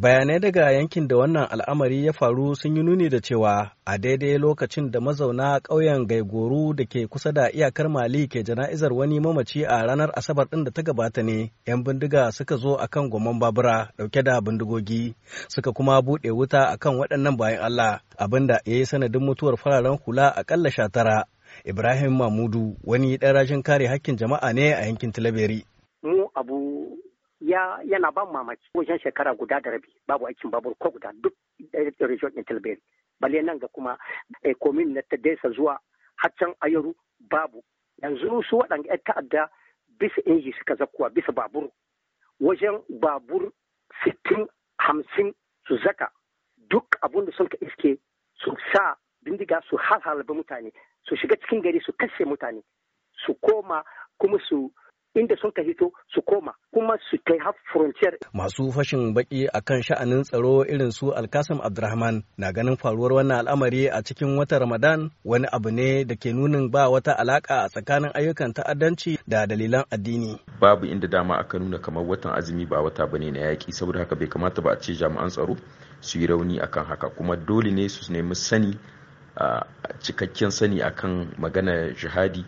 bayanai daga yankin da wannan al'amari ya faru sun yi nuni da cewa a daidai lokacin da mazauna ƙauyen gaigoru da ke kusa da iyakar mali ke jana'izar wani mamaci a ranar asabar ɗin da ta gabata ne 'yan bindiga suka zo akan gomman babura ɗauke da bindigogi suka kuma buɗe wuta akan waɗannan bayan allah abinda ya yi sanadin mutuwar fararen hula aƙalla sha tara ibrahim mamudu wani ɗan rashin kare hakkin jama'a ne a yankin tilaberi mu abu ya yana ban mamaki wajen shekara guda da rabi babu aikin babur ko guda duk region din tilberi bale nan ga kuma eh, komin na tadesa zuwa haccan ayaru babu yanzu su waɗanda yan ta'adda bisa inji suka zakuwa bisa babur wajen babur sittin hamsin su zaka duk abun da suka iske su sa bindiga su da mutane su shiga cikin gari su kashe mutane su koma kuma su inda sun ka hito su koma kuma su kai har frontier. Masu fashin baki akan sha'anin tsaro irin su Alkasim Abdurrahman na ganin faruwar wannan al'amari a cikin watan Ramadan wani abu ne da ke nunin ba wata alaka a tsakanin ayyukan ta'addanci da dalilan addini. Babu inda dama aka nuna kamar watan azumi ba wata bane na yaƙi saboda haka bai kamata ba a ce jami'an tsaro su yi rauni akan haka kuma dole ne su nemi sani cikakken sani akan maganar jihadi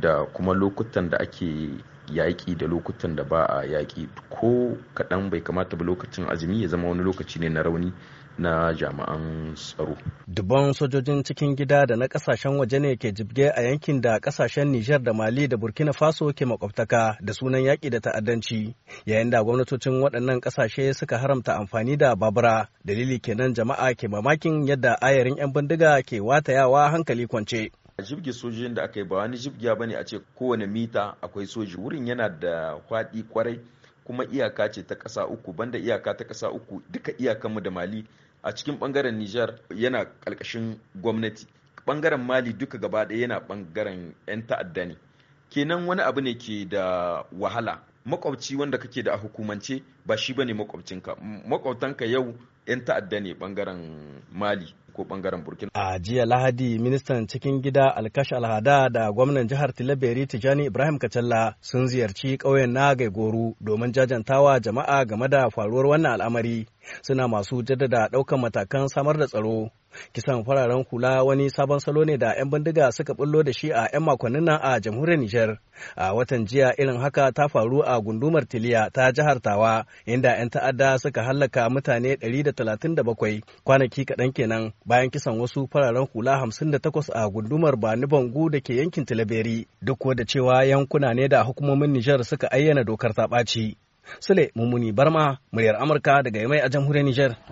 da kuma lokutan da ake yaƙi da lokutan da ba a yaƙi ko kaɗan bai kamata ba lokacin azumi ya zama wani lokaci ne na rauni na jami'an tsaro. Dubban sojojin cikin gida da na kasashen waje ne ke jibge a yankin da kasashen Nijar da Mali da Burkina Faso ke makwabtaka da sunan yaƙi da ta'addanci, yayin da gwamnatocin waɗannan ƙasashe suka haramta amfani da babura. Dalili kenan jama'a ke mamakin yadda ayarin 'yan bindiga ke watayawa hankali kwance. a jibgi sojojin da aka yi ba wani jibgiya bane a ce kowane mita akwai soji wurin yana da kwadi kwarai kuma iyaka ce ta kasa uku banda iyaka ta kasa uku duka iyakanmu da mali a cikin bangaren nijar yana ƙalƙashin gwamnati ɓangaren mali duka gaba ɗaya yana bangaren 'yan ta'adda ne kenan wani abu ne ke da wahala makwabci wanda kake da a hukumance ba shi bane makwabcinka makwabtanka yau 'yan ta'adda ne bangaren mali ko bangaren burkina a jiya lahadi ministan cikin gida alkash alhada da gwamnan jihar tilaberi tijani ibrahim kacalla sun ziyarci ƙauyen na gaigoru domin jajantawa jama'a game da faruwar wannan al'amari suna masu jaddada ɗaukan matakan samar da tsaro kisan fararen hula wani sabon salo ne da 'yan bindiga suka bullo da shi a 'yan makonnin nan a jamhuriyar Nijar. A watan jiya irin haka ta faru a gundumar Tiliya ta jihar Tawa inda 'yan ta'adda suka hallaka mutane 137 kwanaki kaɗan kenan bayan kisan wasu fararen hula 58 a gundumar Bani Bangu da ke yankin Tilaberi duk da cewa yankuna ne da hukumomin Nijar suka ayyana dokar ta ɓaci. Sule Mummuni Barma, muryar Amurka daga Yamai a jamhuriyar Nijar.